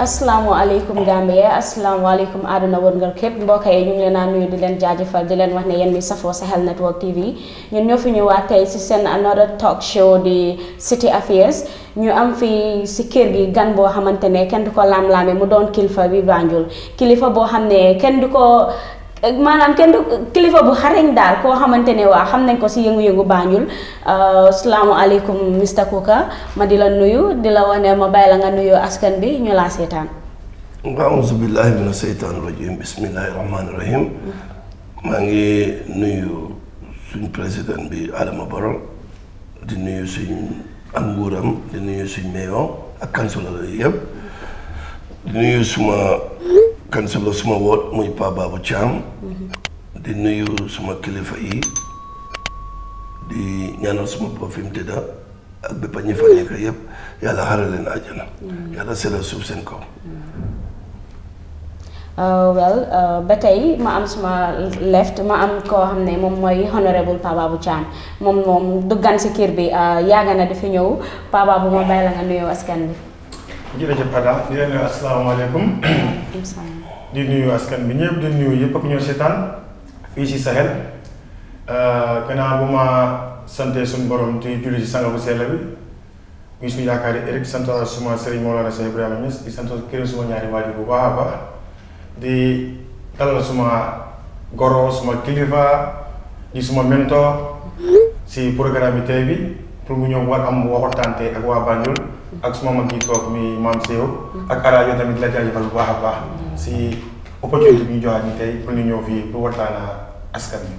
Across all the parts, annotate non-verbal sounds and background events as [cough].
asalaamaaleykum Gambia asalaamaaleykum àdduna wërngal képp mbokk yi ñu ngi leen a nuyu di leen jaajëfal di leen wax ne yéen mi safoo Sahel Network TV ñun ñoo fi ñëwaat tey si seen another talk show di City Affairs ñu am fi si kër gi gan boo xamante ne kenn du ko laam-laame mu doon kilifa bi Banjul kilifa boo xam ne kenn du ko manam kendo kilifa bu xarañ dal ko xamantene wa xamnañ xam nañ ko si yëngu-yëngu assalamu euh, alaykum Mr koka ma di la nuyu di la wone ma bayla nga nuyu askan bi ñu la setan a'udhu billahi minash seytaani rajim bismillahir rahmanir rahim ma ngi nuyu suñu president bi Adama Barrow di nuyu suñu am nguram di nuyu suñu meyo ak kansulal yeb di nuyu suma. Kan suma wot mui Pa mm -hmm. di nuyu sama kilifa yi di ñaanal sama bo fim mu tëdda ak be ñi fa nekk yëpp yàlla na leen àjjana yàlla seetal suuf Uh, well uh, tey ma am sama left ma am ko xam mom moy honorable Pa Babou chan mom moom duggan si kër bi uh, yaga na dafa ñew Pa ma bàyyi la nga nuyu askan bi jërëjëf Ada di leen nuyu asalaamaaleykum. di nuyu askan bi ñëpp di nuyu ya, yëpp ak ñoo seetaan fii si Sahel. gannaaw eh, bu ma sante suñu borom di julli si sanga bu sell bi muy suñu yaakaar Eric sant suma Serigne Maolana Cheikh Ibrahima Niass di sant kërëm suma ñaari waajur bu baax a di dalal suma goro suma kilifa di suma mentor si programme bi tey bi pour mu ñëw war am waxtaante ak waa Banjul ak suma mag yi tok mi mam sew ak Ara yo tamit la jaajëfal bu baax baax si opportunité bi ñu joxaat ni tay pour ñu ñow fi pour waxtaan askan bi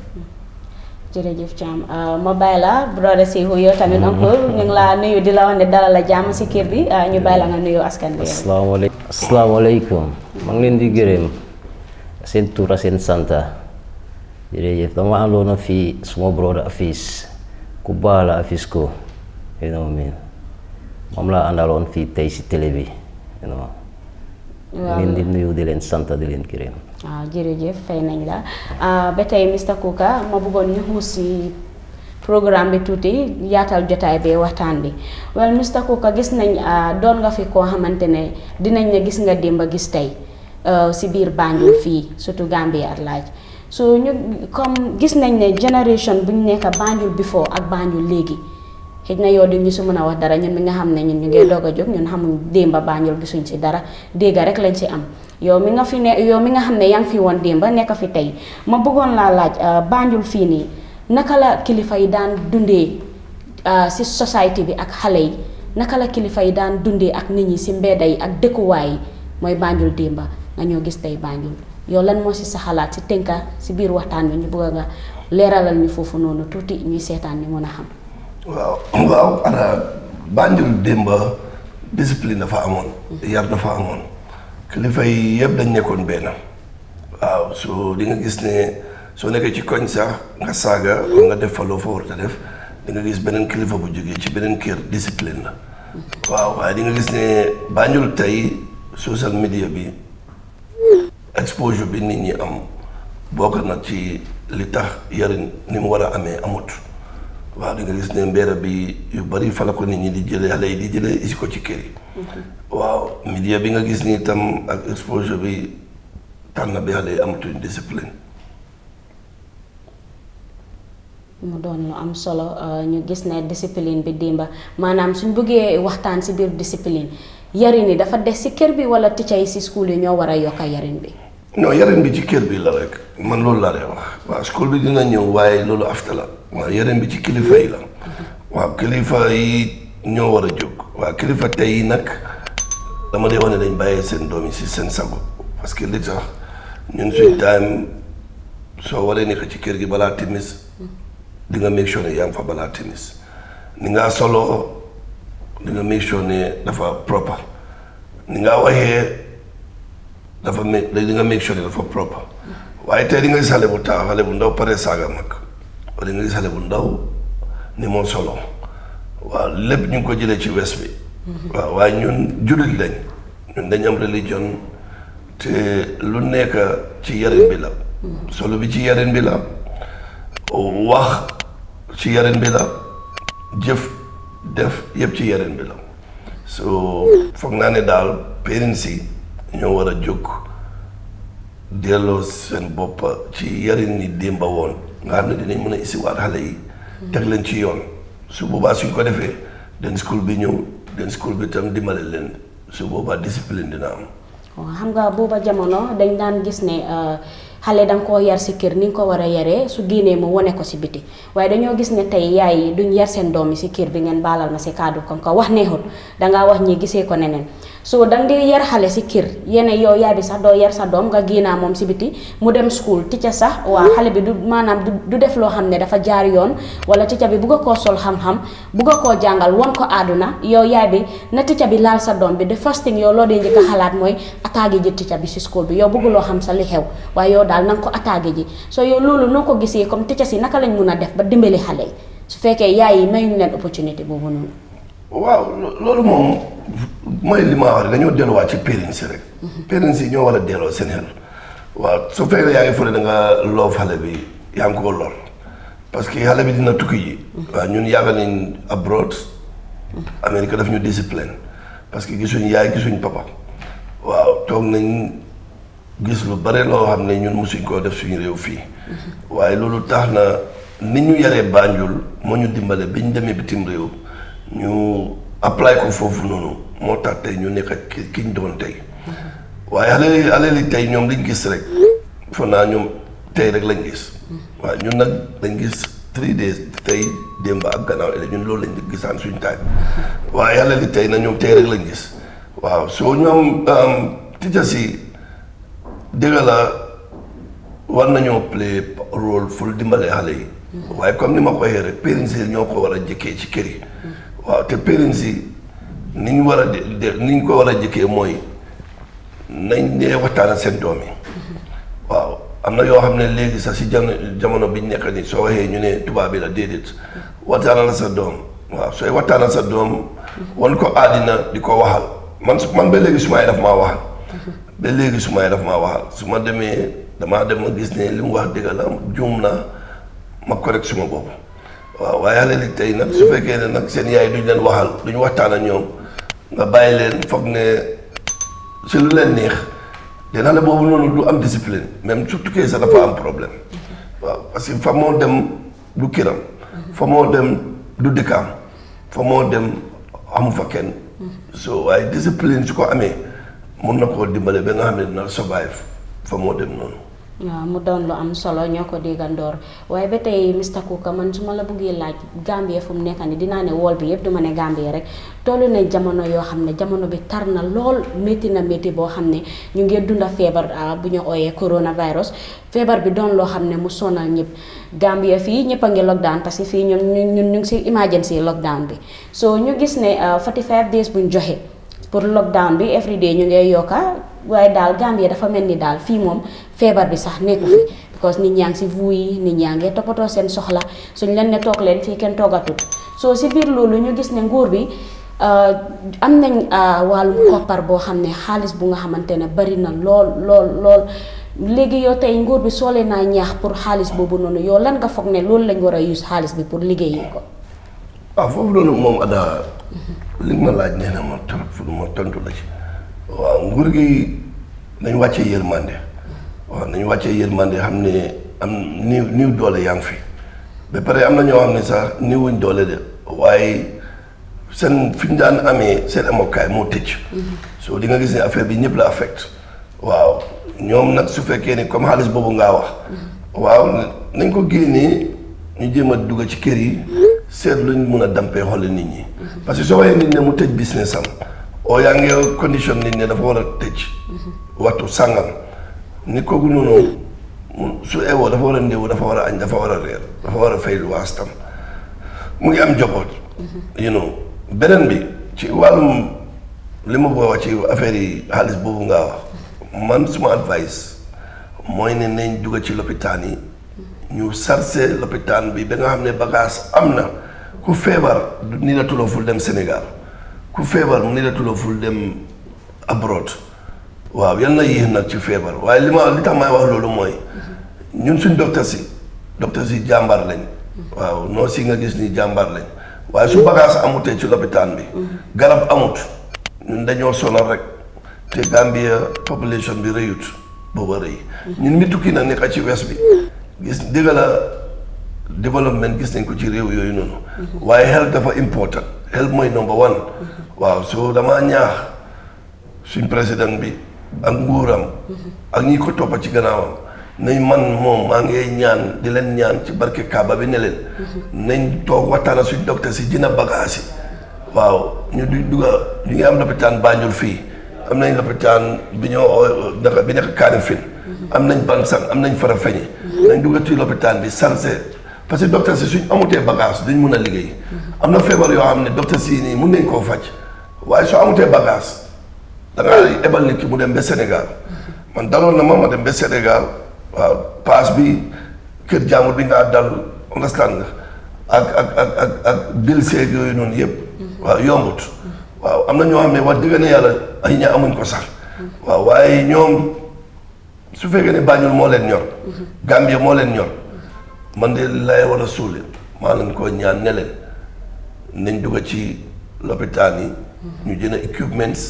jërëjëf cham ma bay la brother hu yo tamit encore ñu ngi la nuyu di la wone ne dalal la jàmm si kër bi ñu bay la nga nuyu askan bi assalamu alaykum ma ngi len di gërëm sen tour sen santa jere jërëjëf dama àndoon fi suma brother Afis ku bala la Afis ko xëy na moom laa àndaloon fii tey si télé bi. waaw ngeen di nuyu di leen sant di leen gërëm. waaw ah, jërëjëf fay nañ la ah, ba tey Mr Kuka ma bëggoon ñu xuus si programme bi tuuti yaatal jotaay bee waxtaan bi waaye Mr Kuka gis nañ ah, doon nga fi koo xamante ne dinañ ne gis nga démb gis tey si biir Banjul fii surtout Gambie at laaj so ñu comme gis nañ ne génération bu ñu nekk Banjul before ak Banjul léegi. xëj yo yow di ñu su mëna wax dara ñun mi nga xamne ñun ñu ngi doga a ñun xamuñ gisuñ ci dara dega rek lañ ci am yo mi nga fi ne yo mi nga xamne yang fi won demba nek fi tay ma bëggon la laaj ah, bànjul fi ni naka la kilifa yi daan dundé si ah, society bi ak xalé yi naka la kilifa yi daan dundé ak nit ñi ci mbedda ak dëkkuwaay yi mooy bànjul demba nga ñoo gis tey bànjul yo lan mo si saxalat ci si ci bir waxtaan bi ñu bëgg nga leeralal ñu fofu nonu tuti ñuy ñu mëna xam waaw waaw ana Banjul démba discipline dafa amoon yar dafa amoon kilifa yi yëpp dañ nekkoon benn waaw soo di gis ne soo nekkee ci koñ sax nga saaga wala nga def fa loo fa war def di gis beneen kilifa bu jógee ci beneen kër discipline la waaw waaye di nga gis ne Banjul tey social media bi exposure bi nit ñi am bokk na ci li tax yarin ni mu war a amee amut waaw da gis ne mbeera ya, bi yu bari fa la ko nit ñi di jëlee xale yi di jëlee isi ko ci kër yi. waaw media bi nga gis ni tam ak exposure bi tànn bi xale yi tu discipline. mu doon lu am solo ñu eh, gis ne discipline bi dimba maanaam suñ bëggee waxtaan si biir discipline yarin yi dafa des si kër bi wala ticca yi si school yi ñoo war a yokk yarin bi. non yarin bi ci kër bi la rek man loolu laa lay wax. waaw school bi dina ñëw waaye loolu afta la waa yeneen bi ci kilifa yi la waaw kilifa yi ñoo war a jóg waaw kilifa tey nag dama dee wane dañ bàyyee seen doom yi si seen sago parce que li tax ñun suñ time soo waree nekk ci kër gi balaa timis dinga nga make sure ne yaa ngi fa balaa timis ni ngaa soloo di nga make sure ne dafa proper ni ngaa waxee dafa make di nga make sure ne dafa proper waaye tey di nga gis xale bu taa xale bu ndaw pare saaga mag wala nga gis xale bu ndaw ni moo solo waaw lépp ñu ngi ko jëlee ci wes bi. waa waaye ñun jullit lañ ñun dañ am religion te lu nekk ci yarin bi la. solo bi ci yarin bi la. wax ci yarin bi la. jëf def yëpp ci yarin bi la. so foog naa ne daal parents ñoo war a jóg. delloo seen bopp ci yarin ni démba woon nga xam ne dinañ mën a isiwaat xale yi teg leen ci yoon su boobaa suñ ko defee den school bi ñëw den school bi tam dimbale leen su boobaa discipline dina am xam nga booba jamono dañ daan gis ne eh, xale da nga koo yar si kër ni nga ko war a yaree su génnee mu wone ko si biti waaye dañoo gis ne tey yaay yi duñ yar seen doom yi si kër bi ngeen baalal ma si kon ko wax neexut dangaa wax ñi gisee ko neneen so dang di yar xale si kër yene yow yaay bi sax doo yar sa doom nga génnaa moom si biti mu dem school ticca sax waa xale bi du maanaam du def loo xam ne dafa jaar yoon wala ticca bi bugg koo sol xam-xam bugg koo jàngal won ko aduna yow yaay bi na ticca bi laal sa doom bi the first thing yow loo dee njëkk xalaat mooy attaqué ji ticca bi si school bi yow bëgguloo xam sa li xew waaye yow daal na nga ko attaqué ji soo yow loolu noo ko gisee comme ticca si naka lañ mun a def ba dimbali xale yi su fekkee yaay yi mayuñu leen opportunité boobu waaw loolu moom mooy li ma wax dañoo delluwaat ci parents yi rek. Mhm. parents a delloo seen waaw su fekkee yaa loo xale bi yaa ngi ko lor parce que xale bi dina tukki ji. Mhm. waaw ñun yàgg nañ abroad. Mhm. Amérique daf ñu discipline parce que gisuñ yaay gisuñ papa. waaw toog nañ gis lu bare loo xam ne ñun mosuñ koo def suñu réew fii waaye loolu tax na ni ñu yaree Banjul moo ñu dimbale bi ñu demee bitim réew ñu apply ko foofu noonu moo tax tey ñu nekk ki ki ñu doon tey waaye xale xale tey ñoom liñ gis rek foog naa ñoom tey rek lañ gis waaw ñun nag lañ gis three days tey démb ak gannaaw ñun loolu lañ gisaan suñu taaj waaye xale tey nag ñoom tey rek lañ gis waaw soo ñoom um, teachers yi dëgg la war nañoo play rôle ful dimbale xale yi. waaye comme ni ma ko waxee rek parents yi ñoo ko war a jëkkee ci kër yi. waaw te parents yi ni ñu war a de niñ ko war a jëkkee mooy nañ dee waxtaan seen doom yi. waaw am na yoo xam ne léegi sax si jamono bi nekk nii soo waxee eh, ñu ne tubaab bi mm-hmm. la déedéet waxtaanal sa doom waaw sooy eh, waxtaanal sa doom mm-hmm. wan ko àddina di ko waxal. man man ba léegi su may daf maa waxal. ba léegi su may daf maa waxal su ma demee damaa dem ma gis ne li mu wax dëgg la juum naa ma correct suma bopp. waaw waaye xale li tey nag su fekkee ne nag seen yaay duñ leen waxal duñ waxtaan a ñoom nga bàyyi leen foog ne si lu leen neex te xale boobu noonu du am discipline même su tukkee sax dafa am problème waaw parce fa moo dem du kiram fa moo dem du dëkkaam fa moo dem amu fa kenn. so waaye discipline su ko amee mun na koo dimbale ba nga xam ne dina survive fa moo dem noonu waaw mu doon lu am solo ñoo ko déggandoor waaye ba tey Mr ko man su ma la bëggee laaj Gambie fu mu nekk ni dinaa ne wool bi yëpp duma ne Gambie rek tollu na jamono yoo xam ne jamono bi tar na lool métti na métti boo xam ne ñu ngi dunda feebar ah, bu ñu ooyee coronavirus feebar bi doon loo xam ne mu sonal ñëpp Gambie fii ñëpp a ngi lockdown parce que fii ñun ñun ñu ngi si emergency lockdown bi so ñu gis ne 45 ah, days buñ joxee pour lockdown bi everyday ñu ngay yoka way dal gambie dafa melni ni fi mom febar bi sax neeku fi because nit ñang ci si nit ñangé topato sen soxla suñ leen ne tok leen fi kenn togatut so ci bir lolu ñu gis ne nguur bi uh, am nañ uh, walu koppar bo xamné ne bu nga xamantene bari na lol lol lol léegi yo tay nguur bi solé na ñaax pour xaliss bobu nonu yo lan nga ne lañ wara use xaliss bi pour liggéey ko waaw ah, foofu loolu moom Ada li nga ma laaj nee na ma trop fu ma tontu la ci waaw nguur gi nañ wàccee yërmande waaw nañ wàccee yërmande xam ne am niiw niiw doole yaa ngi fi ba pare am na ñoo xam ne sax niiwuñ doole de waaye seen fi ñu daan amee seen amokaay moo tëj. soo di nga gis ne affaire bi ñëpp la affecte waaw ñoom nag su fekkee ni comme xaalis boobu ngaa wax waaw nañ ko génnee ñu jéem a dugg ci kër yi. seet lu ñu mun a dampee xoole nit ñi. parce que soo waxee nit ne mu tëj business am. oo yaa ngi condition nit ne dafa war a tëj. waxtu sàngam ni kooku noonu su ewoo dafa war a ndéewu dafa war a añ dafa war a réer dafa war a fay luwaas mu ngi am joboot you know beneen bi ci wàllum li ma bëgg wax ci affaire yi xaalis boobu ngaa wax man suma advice mooy ne nañ dugg ci loppitaan yi ñu sarse lopitaan bi ba nga xam ne bagaas am na ku feebar ni la ful dem Sénégal ku feebar ni la tuloo ful dem abroad waaw yal na yéex nag ci feebar waaye li ma li tax may wax loolu mooy ñun suñ docteur si docteur si jàmbaar lañ waaw noo si nga gis ni jàmbaar lañ waaye su bagage amutee ci lopitaan bi garab amut ñun dañoo sonal rek te Gambia population bi rëyut booba rëy ñun mi tukki na nekk ci wes bi gis dëgg développement gis nañ ko ci réew yooyu noonu. waaye health dafa important health mooy number one. waaw soo damaa ñaax suñ président bi ak nguuram. ak ñi ko toppa ci gannaawam nañ man moom maa ngi ñaan di leen ñaan ci barke Kaaba bi ne leen. nañ toog waxtaan suñ docteur si dina bagaasi. waaw ñu du dugga ñu ngi am lopitaan Banjul fii am nañ lopitaan bi ñoo naka bi nekk Kanifing. am nañ Bansang am nañ Farafenni. nañ dugga ci lopitaan bi sarse parce que docteur si suñ amutee bagage duñ mun a liggéey. Mm-hmm. am na feebar yoo xam ne docteur si nii mun nañ koo faj waaye soo amutee bagage da ebal nit ki mu dem ba Sénégal mm-hmm. man daloon na ma ma dem ba Sénégal waaw paas bi kër jaamur bi nga dal understand nga ak ak ak ak ak bil yooyu noonu yëpp. Mm-hmm. waaw yombut. waaw am na ñoo xam ne wax dëgg yàlla ay ña amuñ ko sax. waaw waaye ñoom su fekkee ne Banjul moo leen ñor. Gambie moo leen ñor. man de lay war a suule maa leen ko ñaan nele leen nañ dugg ci lopitaan yi. Mhm. ñu jënd équipements.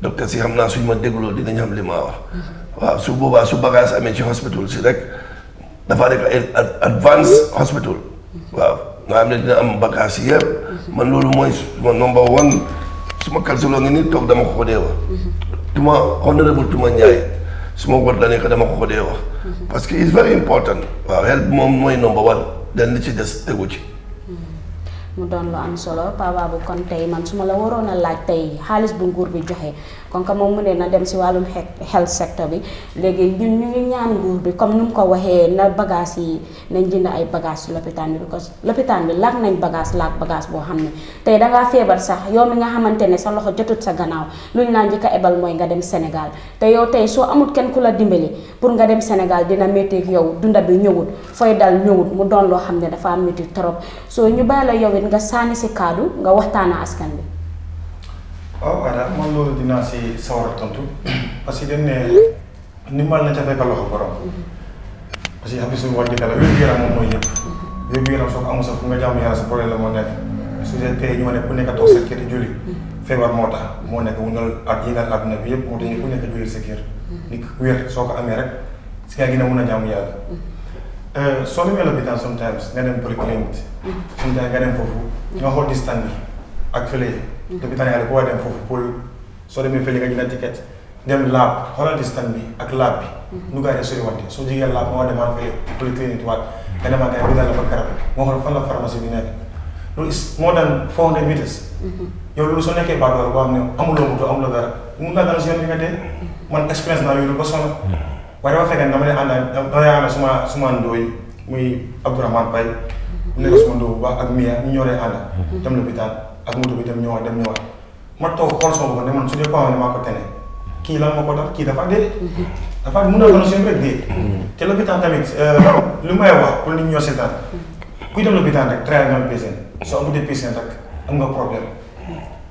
docteur si xam naa suñ ma dégloo dinañ xam li maa wax. Mhm. waaw su boobaa su bagage amee ci hospital si rek dafa nekk ay advance hospital. Mhm. waaw nga xam ne dina am bagage yëpp. man loolu mooy suma number one suma calculon ngi ni toog dama ko ko dee wax. tuma honorable tuma Ndiaye. suma wër la nekk dama ko ko dee wax. parce que it's very important. waaw help moom mooy number one dan li ci des tegu ci. mu doon lu am solo Paa Babou kon tey man su ma la waroon a laaj tey xaalis bu nguur bi joxe kon que moom mu ne na dem si wàllum health sector bi léegi ñun ñu ngi ñaan nguur bi comme nu mu ko waxee na bagage yi nañ jënd ay bagage si lopitaan bi parce que lopitaan bi laaj nañ bagage laaj bagage boo xam ne tey dangaa feebar sax yow mi nga xamante ne sa loxo jotut sa gannaaw luñ laa njëkk a ebal mooy nga dem Sénégal te yow tey soo amul kenn ku la dimbali pour nga dem Sénégal dina métti yow dunda bi ñëwut fooy dal ñëwut mu doon loo xam ne dafa métti trop soo ñu bàyyi yow it nga sànni si kaddu nga waxtaana askan bi waaw Bada man loolu dinaa si sawar a tontu parce que dañ ne ndimbal na ca fekk loxo borom parce que xam nga suñu wàññi dara wér-gu-yaram moom mooy yëpp wér soo ko amul ne ku nekk toog moo tax moo nekk wu ñol ak bi yëpp moo tax ñu ku soo ko amee rek si nga gën a mun yàlla euh, soo demee lopitaan sometimes nga dem polyclinique mm-hmm. sometimes nga dem foofu nga xool distance bi ak fële depuis tànn yàlla boo dem foofu pôle soo demee fële nga jënd ticket dem laab xoolal distance bi ak laab mhm. nu gaa yi sori soo jigee laab moo demaat fële polyclinique waat nga demaat nga bi daal la fa garab moo xam fan la pharmacie bi nekk loolu is moo daan four hundred meters. Mhm. yow loolu soo nekkee baadoor boo xam ne amuloo moto amuloo dara mun daan si yoon bi nga dee mhm. man expérience naa yooyu ba sonn waaye dafa fekk dama ne ànd ak dama ne ànd suma suma suma ak moto bi dem ñëwaat dem ñëwaat ma toog xol eh, so bu ne man suñu ko pawa mako téné ki la mako dal ki dafa dé dafa mun a doon seen rek dee te l'hôpital tamit euh lu may wax pour nit ñoo ci seetaan ku dem l'hôpital rek traité na so amu dé patient rek am nga problème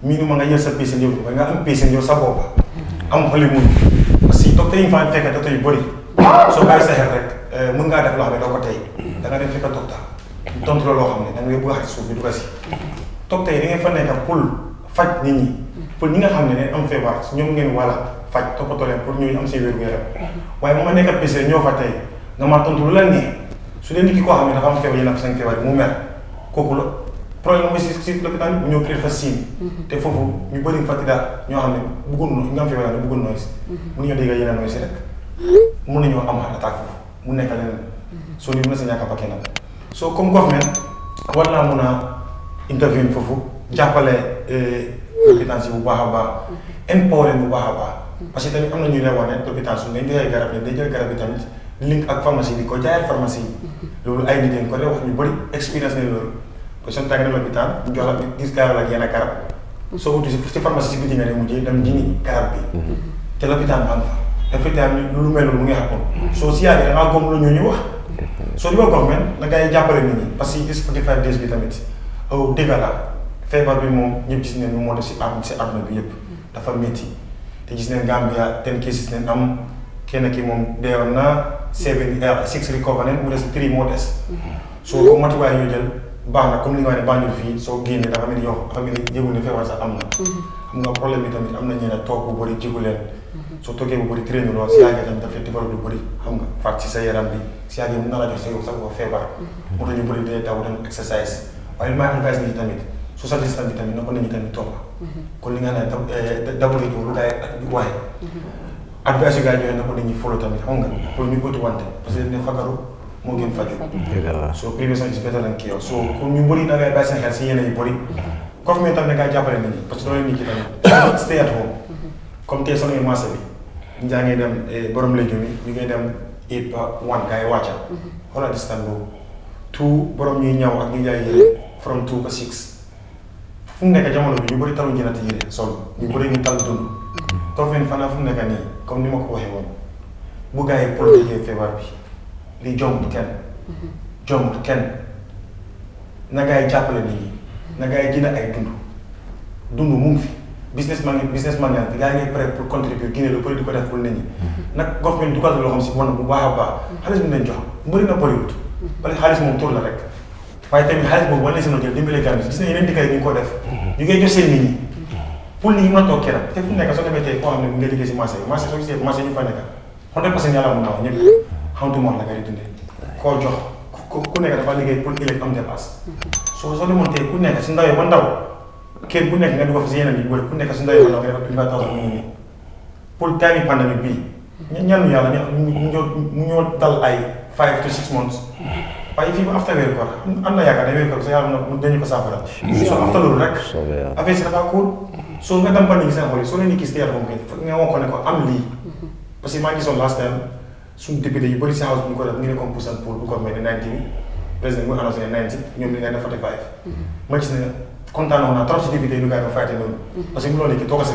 miinu ma nga jël sa patient yow ba nga am patient yow sa bop am xali mu parce que docteur yi fa fekk docteur yu bari so bay sa xel rek euh mën nga def lo xam ne ko tey da nga def fi fekk docteur donc lo loo xam da nga bëgg a xaj suuf bi du ko si toog tey da ngeen fa nekk pour faj ni ñi pour ñi nga xam ne dañ am feebar ñoom ngeen walla faj toppatoo leen pour ñooñu am seen wér waaye bu ma nekk pêcheur ñoo fa tey nga ma tontu la nii su dee nit ko koo xam ne dafa am feebar yéen a fa seen feebar bi mu mer kooku la problème mooy si si lopitaan bu ñëw fa siin te foofu ñu bëri nga fàttali daal ñoo xam ne bëggoon ñu am feebar ne bëggoon noise mun nañoo dégg yeneen noise rek mun nañoo am xar attaque mu nekk leneen mhm. soo li mën na sa ñàkk a bakkanam a intervene foofu euh eh, lopitaan si bu baax a baax empower bu baax a baax parce que tamit amna ñu lay wax hôpital su ngeen joxee garab ne day garab tamit link ak pharmacie di ko jaayal pharmacie lolu ay nit ko dee wax ñu bari experience ne lolu ko que suñu tàggee lopitaan jox la gis garab ak yena garab soo wuti ci pharmacie bi biti nga dem jini garab bi té l'hôpital baa nga fa dafa tam lu mel lu ngi xamoon soo si yàggee dangaa gom lu ñu ñu wax so di wa government men da ngay jàppale nit ñi parce que gis forty five days bi tamit Oh, dëgg la feebar bi moom ñëpp gis neen moo def si am si àdduna bi yëpp dafa métti te gis neen Gambia ten cases neen am kenn ki moom deewoon na seven eh, six recover neen mu des three moo des soo ko matuwaay ñu baax na comme li nga wax ne fii soo génnee dafa mel ni yow dafa mel ni yëgul ne feebar sax am na xam ne toog bu bëri jigu soo toogee bu bëri train lool si yàggee tamit daf lay defal lu bëri xam nga fàtt si sa yaram bi si yàggee mën na la jox sa yow sax ko feebar mm-hmm. moo ñu bëri dee daw dem exercice waaye maa engagé nañu tamit socialiste bi tamit na ko nañu tamit topp. Mhm. kon li nga xam ne dab eh, lu daay waaye. Mhm. adversaire gars yi ñooy na ko nañu follow tamit xam nga pour ñu bëti wante parce que ne fagaru moo gën faju. so prévision is better than cure soo kon ñu bëri da ngay bàyyi seen xel si yeneen yu bëri. Mhm. kooku tam da ngaa jàppale nit ñi parce que loolu nit [coughs] at home comme tey samay marché bi njaa ngi dem eh, borom légumes yi ñu ngi dem eight ba one gars yi wàcca xoolal distance from two ba six fu mu nekk jamono bi ñu bëri talu jënd yére sol ñu bëri ñu tal dund. toofeen fanaa fu mu nekk nii comme ni ma ko waxee woon bu gaa yi politique feebar bi li jombut kenn. jombut kenn na gaa yi jàppale nit ñi na gaa yi jënd ay dund dund mu ngi fi business man business man yaa ngi fi gaa yi ngay prêt pour contribuer Guinée lu bëri di ko def pour nit ñi. nag gox bi dugal na xam si wan bu baax a baax. xaalis bi mu leen jox mbëri na bëriwut. wala la rek. waaye tamit xaalis boobu war nañ si mën a jël dimbale gàllankoor gis nañ yeneen dëkk yi ñu ngi ko def. ñu ngi koy jox seen nit ñi. pour nit ñi mën a toog keroog te fu mu nekk soo demee tey koo xam ne mu ngi liggéey si marché bi marché soo gisee marché ñu fa nekk xon parce que yàlla mun na wax ñëpp xamatu ma la ngay dundee koo jox ku nekk dafa liggéey pour ëllëg am dépasse soo soo demoon tey ku nekk si ndaw ba ndaw kenn ku nekk nga dugal si yeneen yi wala ku nekk si ndaw ba ndaw nga def vingt thousand mu ngi pour temps yi pandémie bii ñaanu yàlla ñu ñoo dal ay five to six months waaye fii bu afta weeru koor am na yaakaar ne weeru koor sa yàlla mun dañu ko saafara. soo afta loolu rek. affaire si dafa cool. soo nga dem ba nit ñi seen xol soo leen di gis te yàlla moom kay nga woo ko ne ko am lii. Mm-hmm. parce que maa ngi gisoon last time suñu député yu bëri si house bu ñu ko def ñu ne ko mu annoncé ne mm-hmm. si mm-hmm.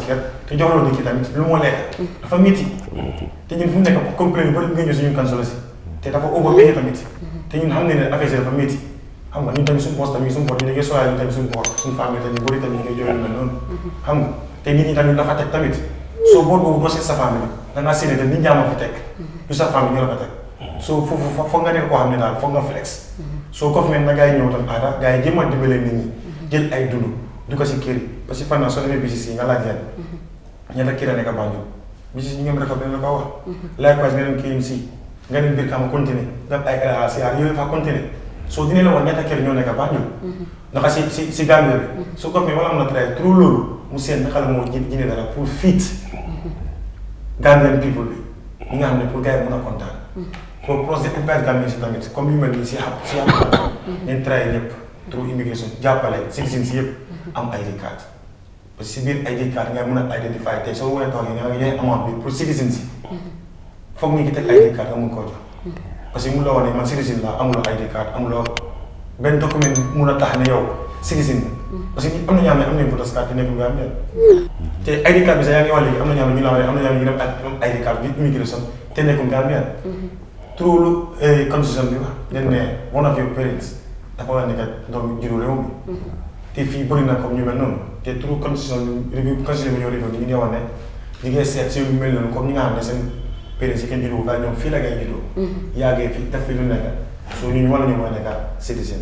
kër te jox loolu nit ki tamit lu moo lekk. dafa métti. te ñun fu mu nekk complain yu bëri nga ñëw si te dafa tingin ñun xam nañ ne affaire yi hamma métti xam nga ñun tamit suñu poche tamit suñu poche ñu nekkee sooyal ñu tamit suñu poche suñu famille tamit bëri tamit ñu sa famille da ngaa séenee nit ñaa ma fi teg du sa famille ñu la fa teg soo foofu nga nekk koo xam ne daal nga flex mm-hmm. so ko fi mel na gars yi ñëw tam aada ah, gars yi jéem a dimbale nit ñi mm-hmm. jël ay dund du ko si kër parce que fan naa soo demee bisis ñu ngi la ko wax mm-hmm. nga dem biir kàmm continuer def ay LHCR yooyu fa continuer soo dinañ la wax ñetti baax ñun. Mm-hmm. ndax si si si Gambie bi. Mm-hmm. su am na traité trop loolu mu seen naka moo ji ji dara pour fit mm-hmm. Gambian people xam ne pour gars yi mën a kontaan. pour projet épargne Gambie si jàppale citizen yëpp am ay ID card parce que si biir ID card nga a identifier tey bi pour citizen si. foog mi ngi teg ID card amul koo jox parce que mu la wane man citizen laa amuloo ID card amuloo benn document mun a tax ne yow citizen parce que am na ñoo xam ne a nañu photos card te nekkul nga am te ID card bi sax yaa ngi wax léegi am na ñoo xam ne la wane am na ñoo xam ne ñu ID card bi immigration te nekkul nga am trop lu eh, constitution bi wax dañ ne one of your parents dafa war a te fii bëri na comme ñu mel noonu te trop constitution bi constitution bi ñoo réew ñi nga xam ne péré si kenn juddoo ba ñoom fii la ngay juddoo. yàggee fi def fi lu nekk soo ñu wala ñu mooy nekk citizen.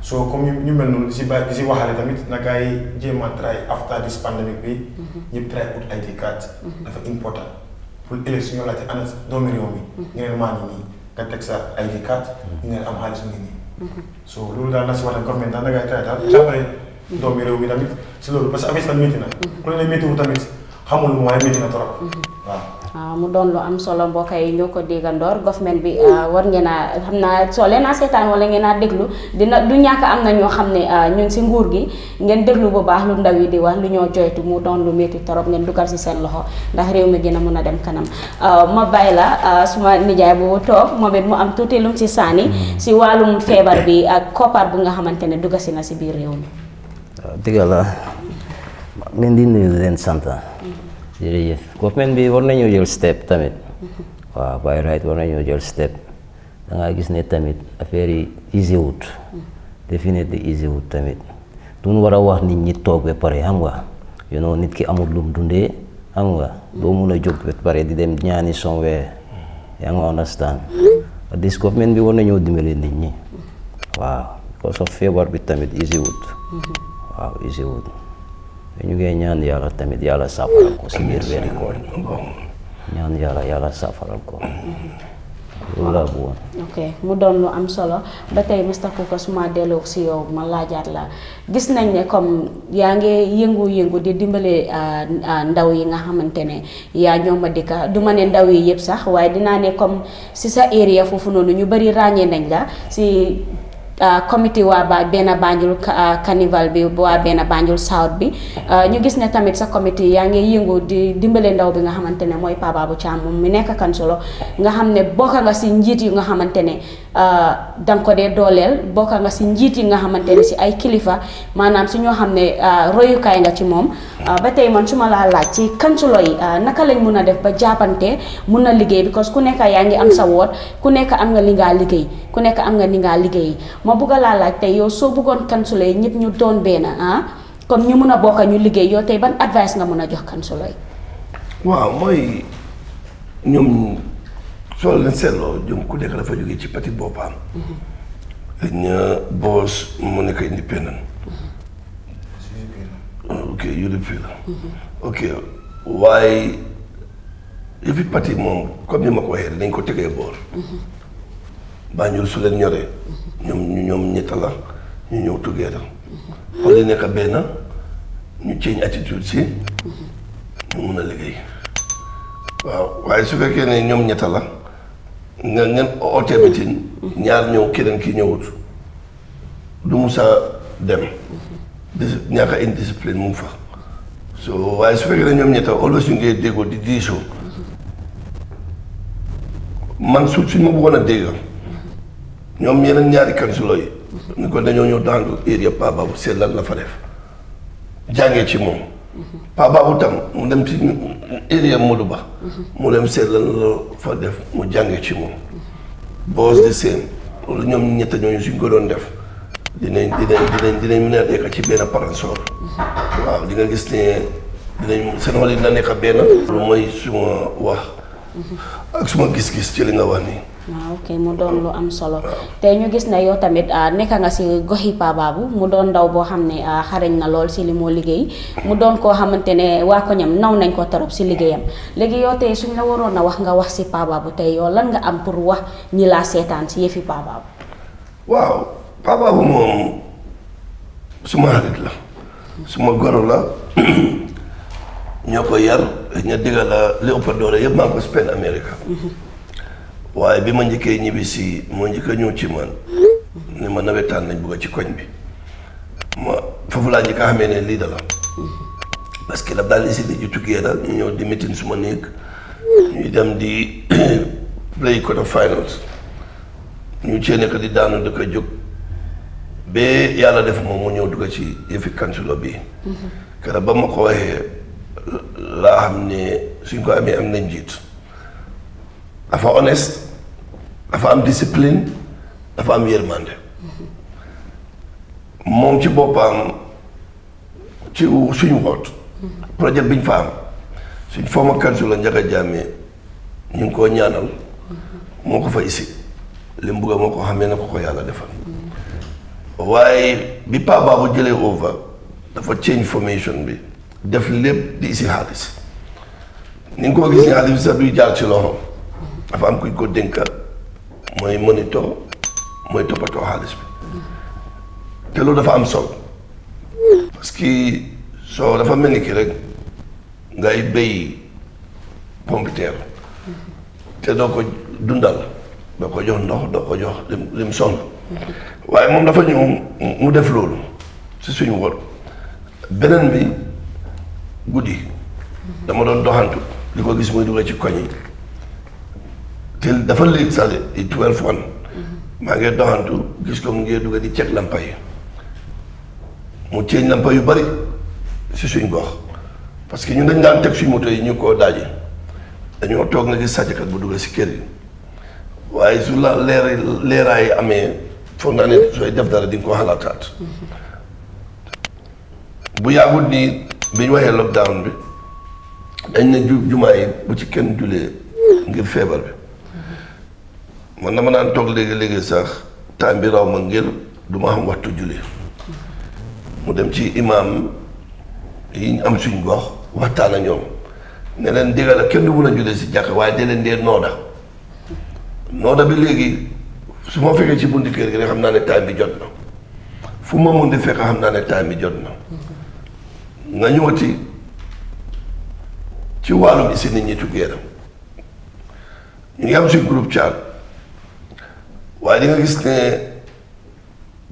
soo comme ñu mel noonu si ba si waxale tamit na kay jéem a try after this pandemic bi. Mm-hmm. ñëpp try ut ID card. Mm-hmm. dafa important pour élection la ci ana doomi réew mi. Mm-hmm. ñu ne maa ngi nii nga teg sa ID card. ñu ne am xaalis mu ngi so loolu daal na si wàllu government daal da ngay try daal jàppale doomi réew mi tamit si loolu parce que xamul mooy medina torop mm-hmm. ah, mu don lo am solo mbokay ñoko digandor government bi ah, war ngeena xamna solo na setan wala ngeena deglu dina du ñaka am na ño xamne ah, ñun ci nguur gi ngeen deglu bu baax lu ndaw yi di wax lu ñoo joytu mu don lu metti torop ngeen dugal si seen loxo ndax rew mi mëna dem kanam ma bàyyi la suma nijaay bu mo mu am tuti lu si sani si mm-hmm. walum febar bi ak copar bu nga xamante ne si biir réew mi. dëgg la di nuyu jërëjëf government bi war nañoo jël step tamit waaw by right war nañoo jël step da ngaa gis ne tamit affaire yi easy wut definitely easy wut tamit duñ war a wax nit ñi toog ba pare am nga you nit ki amul lum dundee xam nga doo mun a jóg ba pare di dem ñaani somewhere yaa nga understand this government bi war nañoo dimbale nit ñi waaw because of feebar bi tamit easy wut waaw easy wut ñu ngi ñaan yàlla tamit yàlla saafaral ko si biir weeri koor ñaan yàlla yàlla saafaral ko loolu laa bëggoon ok mu doon lu am solo ba tey Mr Coker su ma delloo si yow ma laajaat la gis nañ ne comme yaa ngi yëngu-yëngu di dimbale ah, ah, ndaw yi nga xamante ne yaa ñoom a dikka du ma ne ndaw yi yëpp sax waaye dinaa ne comme si sa area foofu noonu ñu bari ràññee nañ la si Euh, comité waa ba benn Banjul euh, carnival bi waa benn Banjul South bi euh, ñu gis ne tamit sa comité yaa ngi yëngu di dimbale ndaw bi nga xamante ne mooy Paa Babou Cham nekk kan solo kansolo nga xam ne bokka nga si njiit yi nga xamante ne danga ko dee dooleel bokka nga si njiit yi nga xamante ne si ay kilifa maanaam su ñoo xam ne royukaay nga ci moom Euh, ba tey man su ma laa laaj ci kansulo yi euh, naka lañ mun a def ba jàppante mun na liggéey because ku nekk yaa ngi am sa woot ku nekk am nga li liggéey ku nekk am nga li liggéey ma bugg laa laaj tey yow soo bëggoon kansulo yi ñëpp ñu doon benn na ah, comme ñu mun a bokk ñu liggéey yow tey ban advice nga mun a jox kansulo yi. waaw mooy ñoom soo leen seetloo ñoom ku nekk dafa jógee ci parti boppam. Mm-hmm. dañ boos mu nekk indépendant. [coughs] okay you're the ok waaye yëfi parti moom comme ni ma ko waxee dañ ko tegee boor. Banjul su leen ñoree. ñoom ñoom ñett la ñu ñëw tuggee la. xool li ñu change attitude si. ñu mun a liggéey. waaw waaye su fekkee ne ñoom ñett la nga ngeen ootee meeting ñaar ñëw keneen ki ñëwut du musa dem. dis ñàkk a indiscipline mu fa. so waaye su fekkee ne ñoom ñett always ñu ngi déggoo di diisoo man su suñ ma bëggoon a dégg ñoom yeneen ñaari kansulo yi. ni ko dañoo ñëw daandu area Paa Babou seet lan la fa def jàngee ci moom. Paa Babou tam mu dem ci area Modou Ba. mu dem seet lan la fa def mu jàngee ci moom. boos de seen loolu ñoom ñett ñooñu suñ ko doon def. dinañ dinañ dinañ dinañ mën a nekk ci benn parensoor. waaw di gis ne dinañ seen wàll dina nekk benn. lu mooy wax. ak suma gis-gis ci li nga wax nii. waaw ok mu doon lu am solo te ñu gis ne yow tamit ah, nekk nga si goxi Pabaabu mu doon ndaw boo xam ne ah, xarañ na lool ci li moo liggéey mu doon koo xamante ne waa ko naw nañ ko torop si liggéeyam léegi yow tey suñ la waroon a wax nga wax si Pabaabu tey yow lan nga am pour wax ñi laa seetaan si yëfi Pabaabu. paa baabu moom suma xarit la suma goro la [clears throat] ñoo ko yar ña digal la li ëpp doole yëpp ko Spain America waaye bi ma njëkkee ñibbi moo njëkk a ñëw ci man ni ma nawetaan nañ bugg ci koñ bi ma foofu laa njëkk a xamee ne lii da la parce que daf daal isili ji tuggee daal ñu di meeting suma néeg ñuy dem di [clears throat] play quarter finals ñu cee nekk di daanu di jóg be yàlla def moom mu ñëw dugg ci yëfi kansulo bi keroog ba ma ko waxee laa xam ne suñ ko amee am nañ njiit dafa honest dafa am discipline dafa am yërmande moom ci boppam ci suñ woot projet biñ fa am suñ former councilor Njaga Jammeh ñu ngi koo ñaanal moo ko fa isi lim mu bëgg moo ko xamee na ko ko yàlla defal waaye bi Paa Babou jëlee over dafa change formation bi def lépp di si xaalis ni nga ko gis ni xaalis bi sax duy jaar ci loxo dafa am kuñ ko dénka mooy monitor mooy toppatoo xaalis bi te loolu dafa am solo parce que soo dafa mel ni ki rek ngay béy pompiteer te doo ko dundal doo ko jox ndox doo ko jox lim lim soxla waaye moom dafa ñëw mu def loolu si suñu wor beneen bi guddi dama doon doxantu li ko gis muy dugal ci koñ yi te dafa léegi sax di twelve one maa ngi doxantu gis ko mu ngi di ceeg lampa yi mu ceeñ lampa yu bari si suñ gox parce que ñun dañ daan teg suñ moto yi ñu koo daaji dañoo toog nga gis sàcckat bu dugal si kër gi waaye su la leer leeraay amee foog naa ne sooy def dara di nga ko xalaataat. bu yàggut nii bi ñu waxee lockdown bi dañ ne ju jumaa yi bu ci kenn julee ngir feebar bi man ma naan toog léegi-léegi sax temps bi raw ma ngir du ma xam waxtu julee mu dem ci imaam yi ñu am suñ gox waxtaan ak ñoom ne leen diggal kenn du mun a julee si jàkk waaye de leen dee nooda Maodo bi léegi su ma fekkee ci bunti kër gi rek xam naa ne time bi jot na fu ma mun di fekk xam naa ne time bi jot na nga ñëwati ci wàllum si nit ñi tuggee ñu ngi am si groupe chat waaye di nga gis ne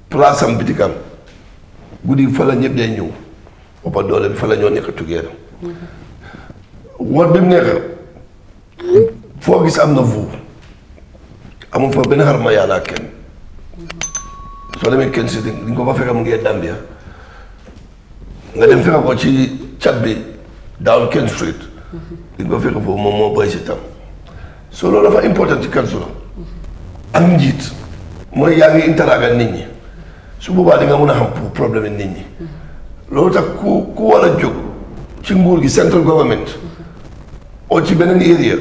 place am bitikam guddi fa la ñëpp day ñëw doole bi fa la ñoo nekk tuggee mm-hmm. woon bi mu nekk foo gis am na vuu amun problème har ma yala ken so le men ken se din ko ba fega mun ge dambia nga dem fega ko ci chabbi down ken street din ko fega fo mo mo bay ci tam so lolu dafa important ci kan solo am njit moy ya ngi interagal nit ñi su boba di nga mëna xam problème nit ñi lolu tax ku ku wala jog ci nguur gi central government o ci benen area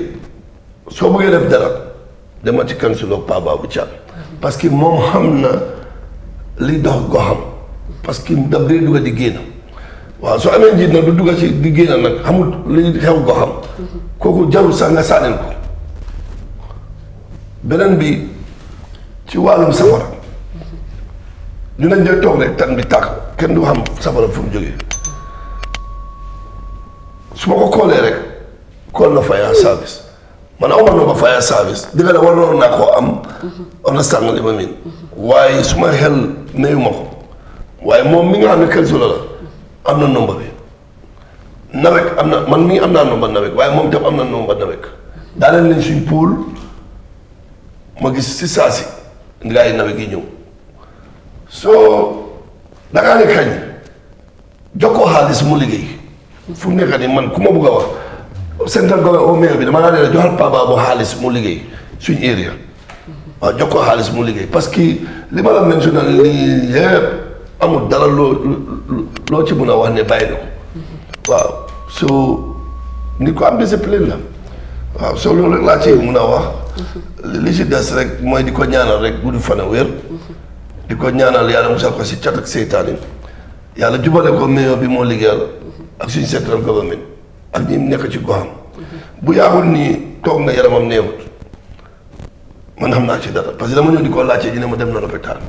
so bëgge def dara dama ci kansuloog Pa babu cha parce que mom xamna li dox xam parce que daf dee dugga di génn wa so amé njiit na du dugga ci di génn nak xamul li xew xam koku jaru sa nga salen ko benen bi ci walum safara ñu ne ñooy tok rek tan bi tak kenn du xam safara fu mu su ma ko rek na faya service man aw ma nu ma faya service dëgg la waroon naa koo am understand li waaye su ma xel néew ko waaye moom mi nga xam ne kël la la am na nomba bi nawek am na man mii am naa nomba nawek waaye moom tam am na nomba nawek daaneel nañ suñ pool ma gis si saa si gars yi nawet gi ñëw soo dangaa ne kañ jox ko xaalis mu liggéey fu mu nii man ku ma bugg a wax central government au maire bi dama naan ne joxal Paba bu xaalis mu liggéey suñu area waaw jox ko xaalis mu liggéey parce que li ma la mentionné lii amul dara loo ci mun a wax ne bàyyi na ko am discipline la waaw soo loolu rek laa ci mun a wax li ci des rek mooy di ko ñaanal rek gudd fan a wér di ko ñaanal yàlla musal ko si cat ak seytaane yàlla jubale ko mayor bi moo liggéeyal ak suñu central government ak ñi nekk ci goxam bu yàggul nii toog nga yaramam neewut man xam naa ci dara parce que dama ñëw di ko laajte ñu ne ma dem na lopitaan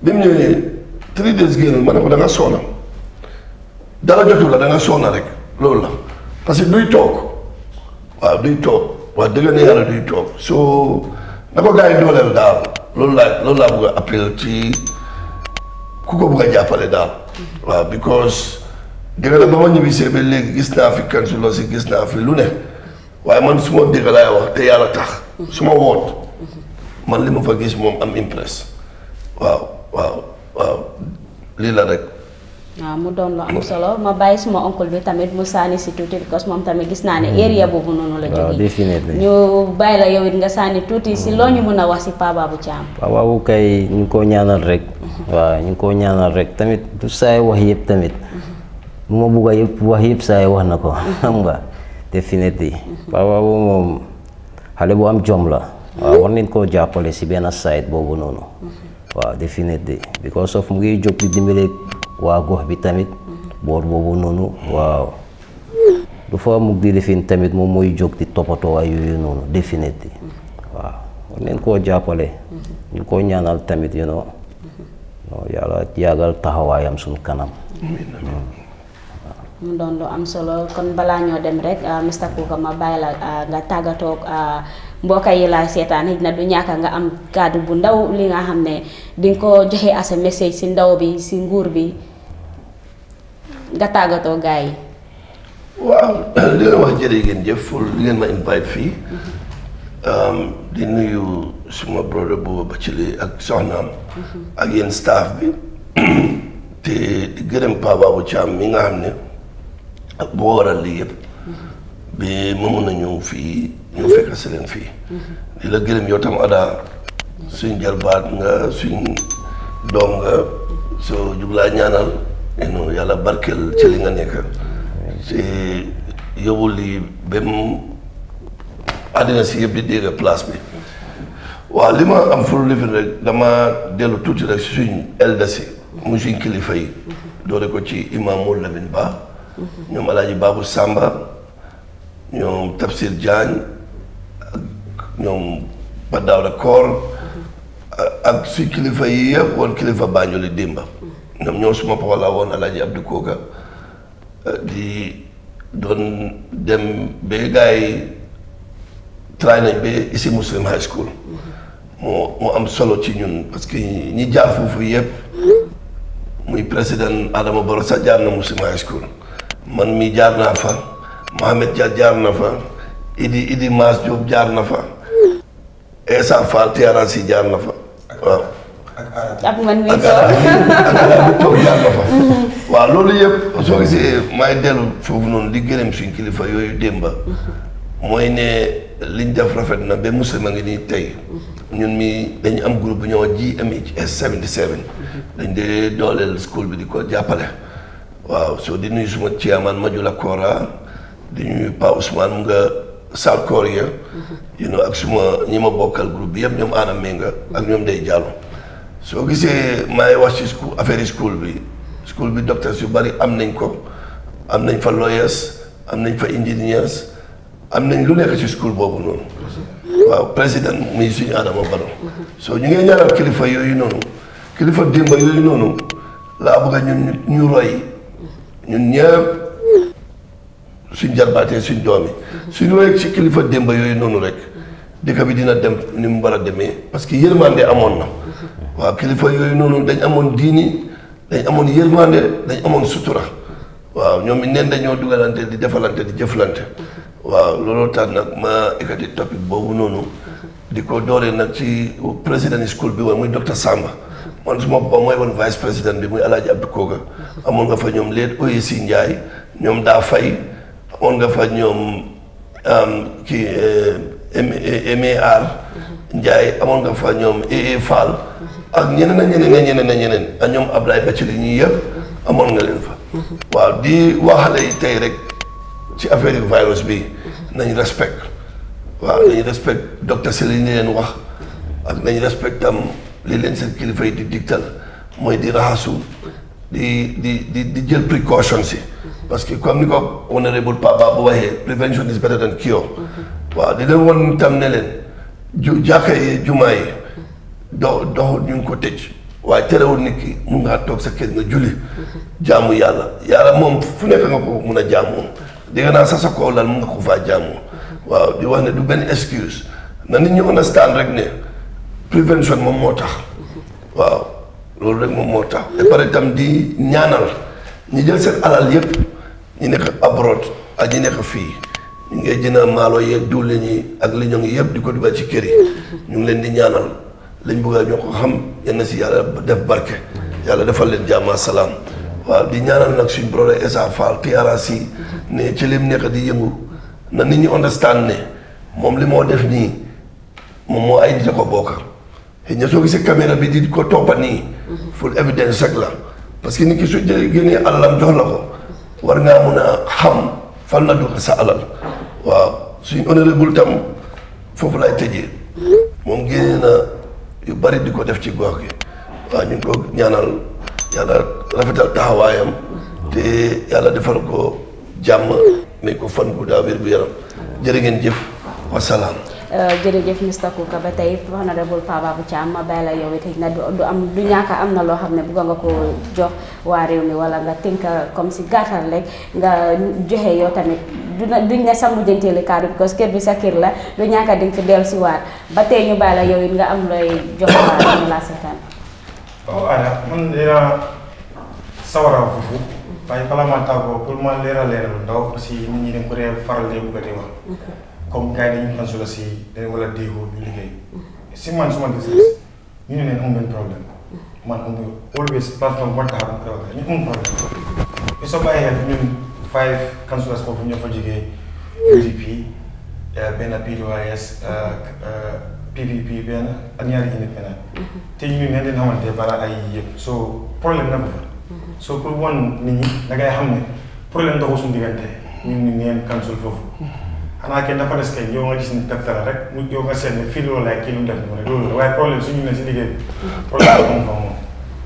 bi mu ñëwee three days génn ma ne ko da nga soona dara jotul la da nga soona rek loolu la parce que duy toog waaw duy toog waaw dëgg na yàlla duy toog soo na ko gars yi dooleel daal loolu laa loolu laa bëgg a appel ci ku ko bëgg a jàppale daal mm-hmm. waaw because dëgg la ba ma ñibbisee ba léegi gis naa fi kansulo si gis naa fi lu ne waaye man su ma dëgg wax te yàlla tax su ma woot man li ma fa gis moom am impress waaw waaw lii la rek waaw ah, mu doon lu am solo ma bàyyi suma oncle bi tamit mu sànni si tuuti parce moom tamit gis naa ne hmm. area boobu noonu la jógee ñu bàyyi la yow it nga sànni tuuti si loo ñu mën a wax si paabaa bu Cham Paa Babou kay ñu ko koo ñaanal rek hmm. waaw ñu ngi ñaanal rek tamit du saay wax lu ma bugg a wax yépp saa yi wax na ko [laughs] xam nga definitely papa boobu moom xale bu am jom la waaw war nañ koo jàppale si benn side boobu noonu waaw mu ngi jóg di dimbale waa gox bi tamit boor boobu noonu waaw du fa mug di tamit moom mooy jóg di toppatoo ay noonu definitely waaw war nañ koo jàppale ñu ko ñaanal tamit you yàlla yàggal taxawaayam suñ kanam mu doon lu am solo kon balaa ñoo dem rek ah, Mr Kuka ma bàyyi la ah, nga tàggatoog ah, mbokk yi la seetaan na du ñàkk nga am kàddu bu ndaw li nga xam ne di nga ko joxe as a message si ndaw bi si nguur bi nga tàggatoo gaa yi. waaw li wax jërë ngeen jëf li ngeen ma invite fii um, di nuyu suma brother boobu ba ci li ak soxnaam. Mm-hmm. ak yéen staff bi [coughs] te di gërëm Paa Babou Thiam mi nga xam ne. ak boo waral lii yëpp. bi ma mën a ñëw fii ñëw fekk si leen fii. di la gërëm yow tam Ada. suñ jarbaat nga suñ doom nga soo jublaa ñaanal. yàlla barkeel ci li nga nekk. te yóbbu lii ba mu àddina si yëpp di dégg place bi. waaw li ma am ful lifin rek dama dellu tuuti rek suñ eldasi. mu suñ kilifa yi. doore ko ci imam Lamine Ba. ñoom alaaji Babou Samba ñoom Tafsir Diagne ak ñoom Badaaw da Koor ak suñ kilifa yi yëpp woon kilifa Banjul Demba ñoom ñoo suma papa la woon alaaji Abdou Koka di doon dem ba gars try nañ ba isi Muslim High School moo moo am solo ci ñun parce que ñi jaar foofu yëpp muy président Adama Barrow sax jaar na Muslim High School man mi jaar naa fa Mohamed Dia jaar na fa Idi Idi Maas Diop jaar na fa Essa Fall Tiara si jaar na fa waaw. ak man mi jaar na fa. waaw loolu yëpp soo gisee may dellu foofu noonu li gërëm suñ kilifa yooyu démba mooy ne liñ def rafet na ba muslima ngi nii tey ñun mi dañu am group bu ñoo GMHS 77 dañ dee dooleel school bi di ko jàppale. Wow, so di nuyu suma chairman Majula Kora di nuyu Pa Ousmane nga Sal Korea mhm. you know ak suma ñi ma bokkal groupe bi yëpp ñoom Anna Menga mhm. ak ñoom Day Diallo soo gisee maay wax ci school affaire school bi school bi docteurs mhm. yu bari am nañ ko am nañ fa lawyers am nañ fa engineers am nañ lu nekk ci school boobu noonu waaw président muy suñu Adama Barrow So ñu ngi ñaanal kilifa yooyu noonu kilifa démba yooyu noonu laa bëgg ñun ñu roy ñun ñëpp suñ jarbaatee suñ doom yi suñu wéy si kilifa démb yooyu noonu rek dëkk bi dina dem ni mu war a demee parce que yërmande amoon na waaw kilifa yooyu noonu dañ amoon diini dañ amoon yërmande dañ amoon sutura waaw ñoom it neen dañoo dugalante di defalante di jëflante waaw looloo tax nag ma ekkati topic boobu noonu di ko dooree nag ci président school bi woon muy docteur Samba man su ma ba mooy woon vice président bi muy Alaaji Abdou Koga amoon nga fa ñoom leet Oyesi Ndiaye ñoom daa fay amoon nga fa ñoom um, kii eh, MAR eh, e amoon nga fa ñoom EE e ak ñeneen ak ñeneen ak ñeneen ak ñeneen ak ñoom Ablaye Bacary ñii yëpp amoon nga leen fa waaw di waxale yi tey rek ci affaire yu virus bi nañu respect waaw nañ respect docteur Seli ni leen wax ak nañ respect li leen seen kilifa yi di digtal mooy di raxasu di di di di jël précaution si parce que comme ni ko honorable Papa bu waxee prevention is better than cure waaw di leen won tam ne leen ju jàkka yi jumaa yi do doxul ñu ngi ko tëj waaye terewul nit ki mun ngaa toog sa kër nga julli jaamu yàlla yàlla moom fu nekk nga ko mun a jaamoo dégg naa sa sa kaw lal mun nga ko faa jaamoo waaw di wax ne du benn excuse na nit ñu understand rek ne prévention moom moo tax waaw lolou rek mom moo tax et par di ñaanal ñi jël seen alal yépp ñi nekk abroad ak ñi nekk fii ñu ngi jënd maalo yeeg diwlin yi ak li ñoo ngi yépp di ko dugal ci kër yi ñu ngi leen di ñaanal lañ bëgg ñu ko xam yenn si yàlla def barke yàlla defal leen jàmm salaam waaw di ñaanal nag suñ brother esa Fall TRRC ne ci lim nekk di yëngu na nit ñi understand ne moom li moo def nii moom moo ay nit ko hanya so sa kamera bi di ko full evidence rek Pas parce que jadi gini alam génnee alalam jox la ko war ngaa mun a xam fan la dugal sa alal waaw suñ honorable tam foofu laay tëjee moom génnee na yu bari di ko def ci gox gi waaw ñu ngi ko ñaanal yàlla rafetal te defal ko jam ko fan bu bu yaram ngeen jërëjëf Mr Kouka ba tey honorable Pa Babou Cham ma bàyyi la yow it nga du am du ñàkk am na loo xam ne bugg nga ko jox waa réew mi wala nga tënk comme si gàttal rek nga joxe yow tamit duna duñ ne sa mujjanteeli kàddu parce kër bi sa kër la du ñàkk a di fi si waat ba tey ñu bàyyi la yow nga am looy jox waa ñu laa seetaan. waaw foofu waaye balaa maa tàggoo pour ma leeral leeral ndaw si nit ñi dañ ko dee faral di bëgg a wax. comme gars yi dañuy consulé si dañu war a déggoo ñu liggéey mm-hmm. si man suma gis-gis mm-hmm. ñu ne leen amul benn problème mm-hmm. man amul always plateforme war taxaw ñu amul problème bi soo bàyyee ñun five consulés foofu ñoo fa jógee UDP euh, benn PDOIS PPP euh, euh, benn ak ñaari unit benn te ñu ne leen xamante balaa ay yëpp problème na ko fa soo pour wan nit ñi da ngay ne problème doxul suñu diggante ñun ñu neen consul foofu xanaa kenn dafa des kay yow nga gis nit def dara rek mu yow nga seet ne fii loolu laay kii lu mu def moom rek loolu la waaye problème suñu ne si liggéey bi problème moom fa moom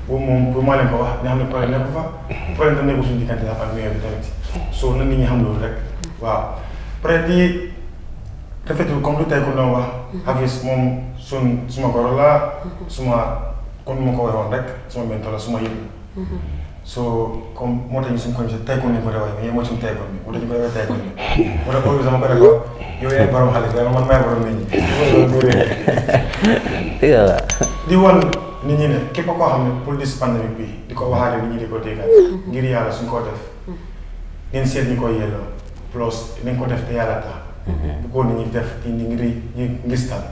boobu moom bu ma leen ko wax nga xam ne problème nekku fa problème tam nekku suñu diggante la ak maire bi tamit soo na nit ñi xam loolu rek waaw peut-être di rafetul comme lu tey ko doon wax Hafiz moom suñ suma goro la suma comme ni ma ko waxoon rek suma bentoo la suma yëpp so comme moo tax ñu suñu ko ñu taekwondo bi ma la waxee mais mooy suñu taekwondo bi wala ñu koy waxee taekwondo bi wala boobu sama ko yow yaay borom xale bi man maay borom nit ñi. di wan nit ñi ne képp koo xam ne pour dis pandémie bi di ko waxaale nit ñi di ko déggal ngir yàlla suñ ko def ngeen seet ñu koy yelloo plus nañ ko def te yàlla tax. bu ko nit ñi def di ngir ñu ngistal.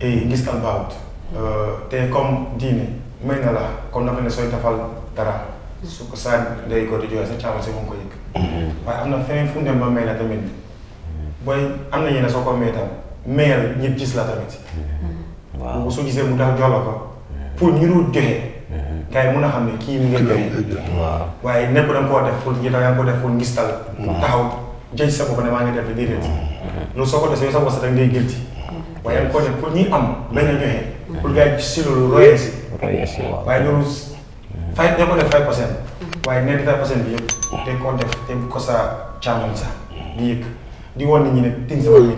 et eh, ngistal baawut. Euh, te comme diine may na la comme dafa ne sooy defal. dara su ko saa ndey ko di jooy sa caawa si mu ngi ko yëg. waaye am na feneen fu mu dem ba may la tamit booy am na yenn soo ko may tam mayal ñëpp la tamit. waaw su gisee mu tax jox la ko pour ñu dul joxe. gars mun a xam ne kii mu ngi joxe. waaw waaye nekk da nga koo def pour ñu da nga koo def ne maa ngi def li déedéet. loolu soo ko defee da nga koo def pour ñi am. bañ a joxe. pour gars yi si loolu royee si. waaye loolu. fay dee ko def fay percent waaye nekk fay percent bi yëpp te koo def te bu ko sa càmmoñ sa di yëg di wan nit ñi ne ting sama a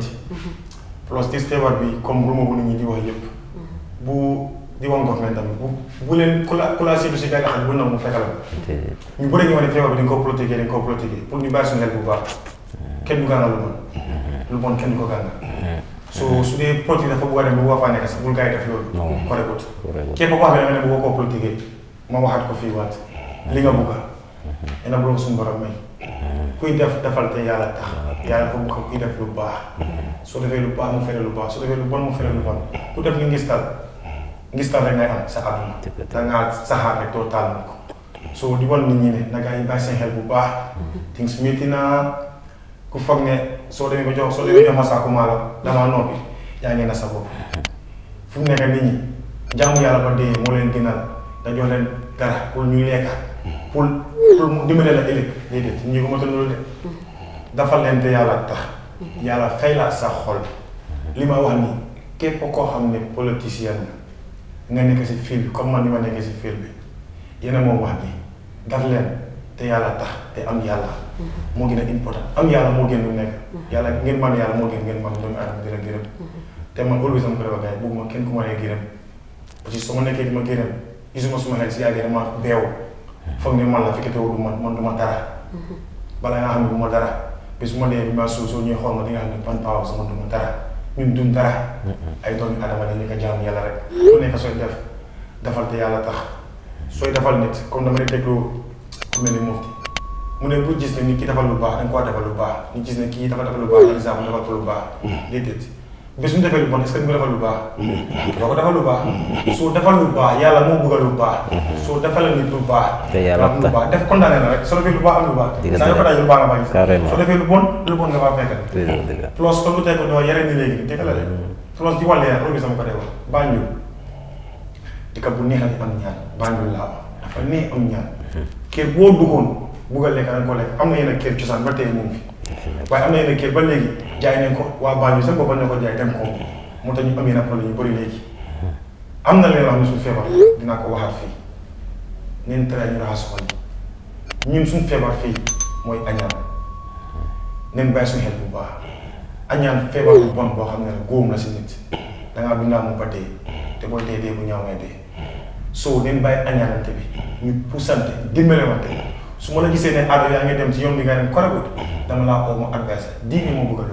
plus tis feebar bi comme lu ma bu nit ñi di wax yëpp bu di wan government tamit bu bu leen ku la ku nga xam ne na mu fekk la ñu bëri ñu dañ ko protéger dañ ko protéger pour ñu bàyyi suñu xel bu baax kenn du gànnaar lu bon lu bon kenn du ko gànnaar su su dee politique dafa bëgg a dem bu boo faa nekk sax bul gars yi def loolu ko rekut képp koo xam ne danga ne bu boo koo politiquee ma waxat ko fii wat li nga bugga ena bu la suñu borom may kuy def defal te yalla tax yalla ko bugga kuy def lu baax soo defé lu baax mu fere lu baax soo defé lu bon mu fere lu bon ku def ni ngistal ngistal rek ngay am sa aduna da ngaa saxaar rek total ko so di won nit ñi ne na gaa yi sen seen xel bu baax things metti ku fogné so soo ba jox so demee jox ma sa ko mala dama nopi ya ngi na sa bop fu nekk nit ñi jaamu yalla ba dee mo leen dinal dañoo leen dara pour ñuy yaakaar. pour pour mu dimbale la de déedéet ñu ko motal loolu de. dafa leen te yàlla tax. yàlla fay laa sa xol. li ma wax nii képp koo xam ne politicien nga nekk si fil bi comme man ni ma nekk si fil bi yéen moom wax nii daf leen te yàlla tax te am yàlla. moo gën a important am yàlla moo gën lu nekk. yàlla ngeen man yàlla moo gën ngeen man doomu aadama di la gërëm. te man loolu sama ko dafa gars yi bëgguma kenn ku ma lay gërëm parce que su ma nekkee di gisuma suma xel si yàggee ma beew foog ne man la fekkee teewul man man du ma dara bala nga xam ne bu ma dara bés bu ma dee bi ma soo soo ñuy xool ma di nga xam ne ban paaw sama du ma dara ñun duñ dara ay doomi adama dañu ko jaam yàlla rek ku nekk sooy def defal te yàlla tax sooy defal nit comme dama ne déglu ku mel ni mufti mu ne bu gis ne nit ki defal lu baax da nga koo defal lu baax ñu gis ne kii dafa defal lu baax exemple defal ko lu baax mm. déedéet bés bu ñu defee lu bon est-ce que ñu defal lu baax. doo ko defal lu baax. soo defal lu baax yàlla moo bëgg lu baax. soo defal nit lu baax. te yàlla am def condamné na rek soo defee lu baax lu baax. dëgg la dëgg lu baax nga baax carrément soo defee lu bon lu bon nga baax fekkal. dëgg la dëgg la plus comme lu tey ko doo yare ni léegi dëgg la de. plus mm. di wàllee rek loolu sama ko deewal Banjul. dëkk bu neexal am ñaan Banjul laa wax dafa neex am ñaan. Mm-hmm. kër boo duggoon bugg a lekk rek koo lekk am na yenn kër cosaan ba tey moom fi waaye am na yeneen kër ba léegi jaay nañ ko waa Banjul sax boobu ñu ko jaay dem ko moo tax ñu am yeneen problème yu bëri léegi am na leen wax ne suñu feebar dinaa ko waxaat fii neen tere ñu raxas xol ñun suñu feebar fii mooy añaan neen bàyyi suñu xel bu baax añaan feebar bu bon boo xam ne la góom la si nit dangaa dundaa mu ba dee te booy dee dee bu ñaaw ngay dee soo neen bàyyi añaanante bi ñu puusante dimbalewante su ma la gisee ne aada yaa ngi dem ci yoon bi nga dem koregut dama laa oo ma adverse diine moo bëgg a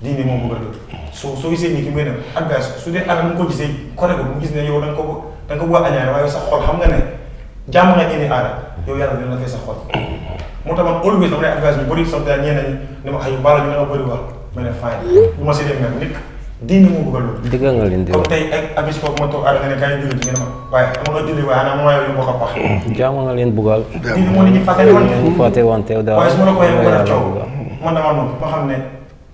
dugg diine a soo soo gisee ni ki muy dem adverse su dee aada mu ko gisee koregut mu gis ne yow da nga ko da nga ko bëgg a añaare waaye sa xol xam nga ne jàmm nga indi aada yow yàlla dina la fay sa xol moo tax man always dama lay adverse bu bëri sax daal ñeneen ñi ne ma ay baal ñu ne ma bëri ne fine bu ma si dem nag nit diine moo bëgg a loolu. dëgg nga leen di wax comme tey ak abis boobu ma toog àdduna ne kaay julli ngeen ma waaye dama ko julli waaye ana ma yow yu ma ko wax. jaamu nga leen bugal. diine moo nit ñi fàtte wante. fàtte wante daal waaye su ma la koy waxee def coow man damaa noonu ma xam ne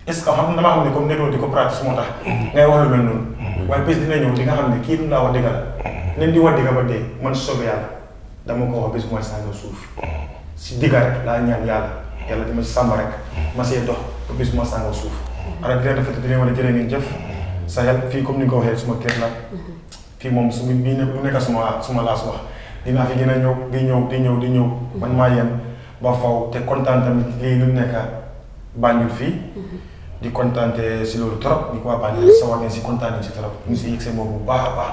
est ce que xam damaa xam ne comme nekkoon di ko pratique moo tax. ngay wax lu mel noonu. waaye bés dina ñëw di nga xam ne kii dina wax dëgg la. nen di wax dëgg ba dee man soobee yàlla dama ko wax bés bu ma sànni suuf si digga rek laa ñaan yàlla yàlla dama si sàmm rek ma see dox ba bés bu ma sànni suuf alors dina rafet dina war a jërë ngeen jëf Sahel fii comme ni nga ko waxee suma kër la fii moom su bi lu nekk suma suma laas wax dinaa fi gën a ñëw di ñëw di ñëw di ñëw man maa yem ba faw te kontaan tamit lii lu nekk Banjul fii di kontaan si loolu trop di ko waa sa wax ngeen si kontaan nañ si trop ñu si yëg seen bopp bu baax a baax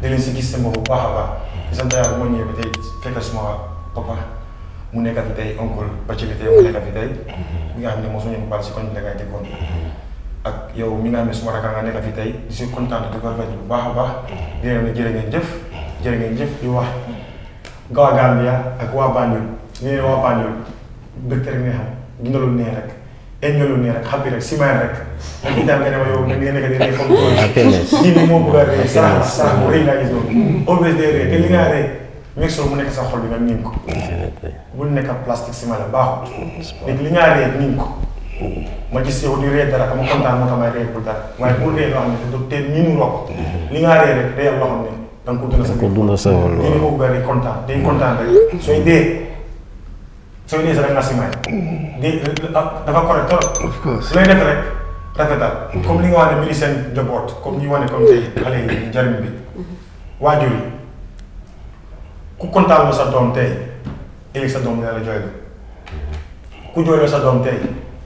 di leen si gis seen bopp bu baax a baax di sant yàlla bu ñëwee ba tey fekk suma papa mu nekk fi tey oncle Bachir tey mu nekk fi tey mi mm-hmm. nga xam ne mosuñu ko si koñ bi la ngay déggoon ak yow mi nga xam ne suma rakk nga nekk fi di si kontaan di ko rafetlu bu baax a baax mm-hmm. di leen ne jërë ngeen jëf mm-hmm. jërë ngeen jëf di wax gawa Gambia ak waa Banjul ñu ne waa Banjul bëgg rek ne xam dundalu nee rek engalu nee rek xappi rek simaay rek ak nga ne ma yow ngeen nekk di ree comme [laughs] tool ñi ni moo bëgg a ree sax sax bu rëy laa gis always day ree te li nga ree mixeur mu nekk sa xol bi nga niin ko bul nekk ak plastique si ma la baaxul léegi li ngaa ree niin ko mm-hmm. ma yow di ree dara dama kontaan moo tax may ree bul dara mm-hmm. mm-hmm. rek a rek kontaan day kontaan sooy dee sooy dee sa rek nga si ah, dafa correct trop lay def rek rafetal comme li nga wax ne mi ngi seen njaboot comme ñi wane comme tey xale yi njariñ bi waajur yi ku kontaanoo sa doom tey ëllëg sa doom dina la jooy ku jooyloo sa doom tey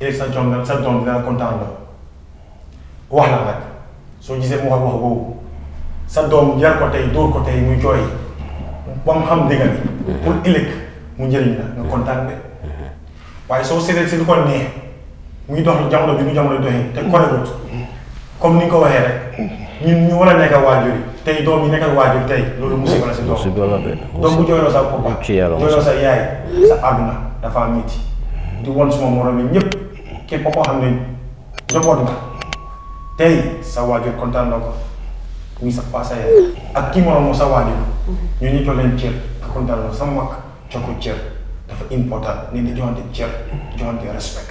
ëllëg sa doom sa doom dina la kontaan la wax la nag soo gisee mu wax wax boobu sa doom yar ko tey dóor ko tey muy jooy ba mu xam pour ëllëg mu njëriñ la nga kontaan de waaye soo seetee si lu ko mu muy dox jamono bi mu jamono doxee te koregut comme ni nga ko waxee rek ñun ñu war a nekk waajur tey doom yi nekkal waajur tey loolu musiba la si doom. musiba la de doom bu jooyloo sa papa jooyloo sa yaay sa àdduna dafa métti di won suma morom yi ñëpp képp koo xam ne njaboot nga tey sa waajur kontaan na ko muy sa paasa yaay ak kii moromoo sa waajur ñun ñu jox leen cër ak kontaan na sa mag jox ko cër dafa important nit di joxante cër joxante respect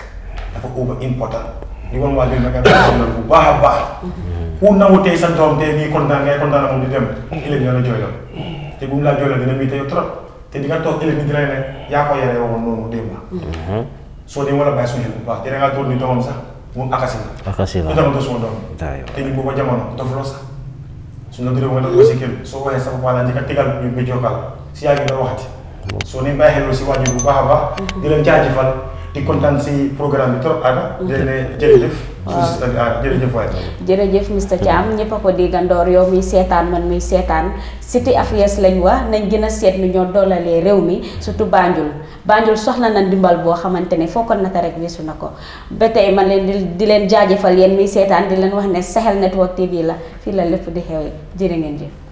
dafa over important li ma waajal nag am na bu baax ba baax ku nangu tey sa doom tey nii kontaan ngay kontaan moom di dem ëllëg dina la jooylal te bu la laa dina mii tey trop te di nga toog ëllëg ni dina ne ya ko yare woon noonu démb la so ni wala ba bàyyi suñu ba bu baax hmm. dina nga doon ni doomam sax moom akasi la akasi la dama suma doom te ñu booba jamono dofloo sax suñu la dërëm nga def si kër so waxee sa papa daal di ka tegal ñu mbéjoo kal si yaa ngi la waxati soo ne bàyyi si waajur bu baax ba di leen jaajëfal di kontaan si programme bi trop Ada. jërëjëf. [laughs] waaw jërëjëf waay. jërëjëf Mr Thiam ñëpp a ko déggandoor yow muy seetaan man muy seetaan Cité Affaires lañ wax nañ gën a seet nu ñoo dolalee réew mi surtout Banjul Banjul soxla na ndimbal boo xamante ne foo ko nata rek weesu na ko ba tey man leen di di leen jaajëfal yéen muy seetaan di leen wax ne Sahel Network TV la fii la lépp di xewee jërë ngeen jëf.